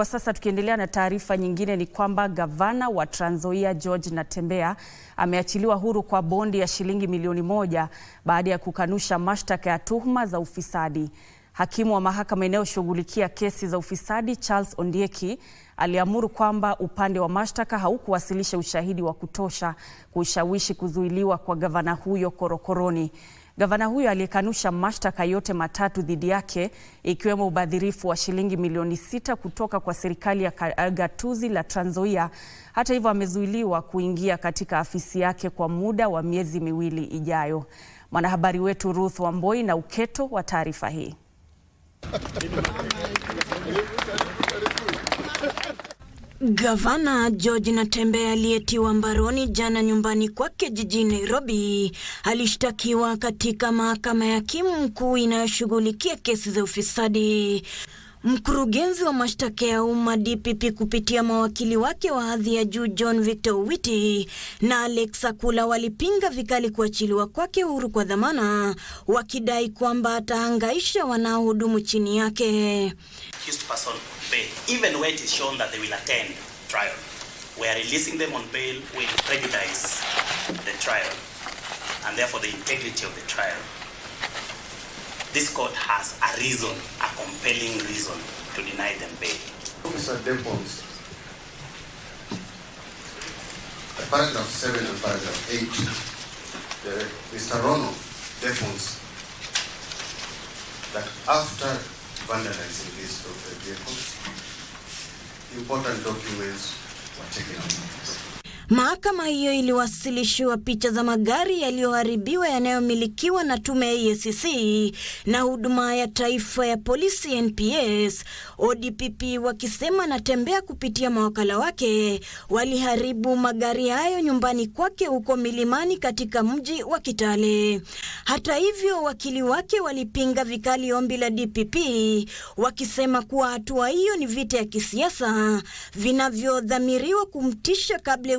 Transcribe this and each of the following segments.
Kwa sasa tukiendelea na taarifa nyingine ni kwamba gavana wa Trans Nzoia George Natembeya ameachiliwa huru kwa bondi ya shilingi milioni moja baada ya kukanusha mashtaka ya tuhuma za ufisadi. Hakimu wa mahakama inayoshughulikia kesi za ufisadi Charles Ondieki aliamuru kwamba upande wa mashtaka haukuwasilisha ushahidi wa kutosha kushawishi kuzuiliwa kwa gavana huyo korokoroni. Gavana huyo aliyekanusha mashtaka yote matatu dhidi yake ikiwemo ubadhirifu wa shilingi milioni sita kutoka kwa serikali ya gatuzi la Trans Nzoia, hata hivyo, amezuiliwa kuingia katika afisi yake kwa muda wa miezi miwili ijayo. Mwanahabari wetu Ruth Wamboi na uketo wa taarifa hii. Gavana George Natembeya aliyetiwa mbaroni jana nyumbani kwake jijini Nairobi alishtakiwa katika mahakama ya hakimu mkuu inayoshughulikia kesi za ufisadi Mkurugenzi wa mashtaka ya umma DPP kupitia mawakili wake wa hadhi ya juu John Victor Witi na Alex Akula walipinga vikali kuachiliwa kwake huru kwa dhamana, wakidai kwamba atahangaisha wanaohudumu chini yake. This court has a reason compelling reason to deny them bail. Officer Dempons, paragraph 7 and paragraph 8, Mr. Rono Dempons, that after vandalizing his vehicles, important documents were taken out. Mahakama hiyo iliwasilishiwa picha za magari yaliyoharibiwa yanayomilikiwa na tume ya EACC na huduma ya taifa ya polisi NPS, ODPP wakisema Natembea kupitia mawakala wake waliharibu magari hayo nyumbani kwake huko Milimani katika mji wa Kitale. Hata hivyo, wakili wake walipinga vikali ombi la DPP wakisema kuwa hatua hiyo ni vita ya kisiasa vinavyodhamiriwa kumtisha kabla ya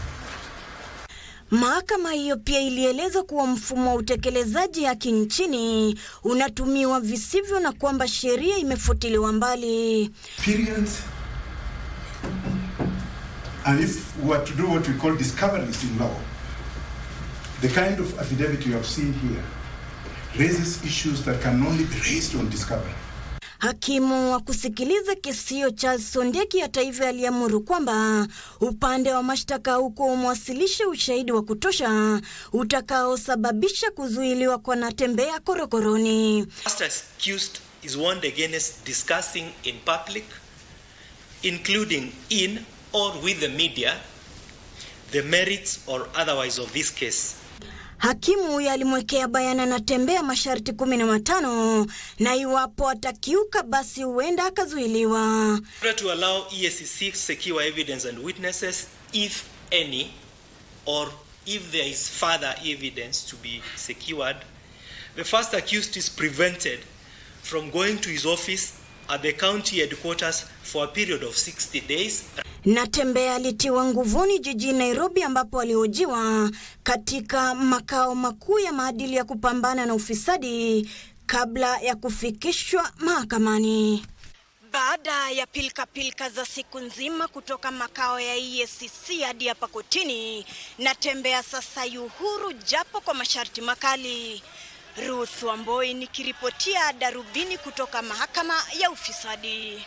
Mahakama hiyo pia ilieleza kuwa mfumo wa utekelezaji haki nchini unatumiwa visivyo na kwamba sheria imefutiliwa mbali. Period. And if we were to do what we call discoveries in law, the kind of affidavit you have seen here raises issues that can only be raised on discovery. Hakimu wa kusikiliza kesi hiyo Charles Sondeki hata hivyo aliamuru kwamba upande wa mashtaka huko umewasilisha ushahidi wa kutosha utakaosababisha kuzuiliwa kwa Natembeya korokoroni. The merits or otherwise of this case. Hakimu huyo alimwekea bayana anatembea masharti kumi na matano na iwapo atakiuka basi huenda akazuiliwa. To allow EACC secure evidence and witnesses if any or if there is further evidence to be secured, the first accused is prevented from going to his office at the county headquarters for a period of 60 days. Natembeya alitiwa nguvuni jijini Nairobi ambapo alihojiwa katika makao makuu ya maadili ya kupambana na ufisadi kabla ya kufikishwa mahakamani. Baada ya pilka pilka za siku nzima kutoka makao ya EACC hadi hapa kotini, Natembeya sasa yuhuru japo kwa masharti makali. Ruth Wamboi nikiripotia Darubini kutoka mahakama ya ufisadi.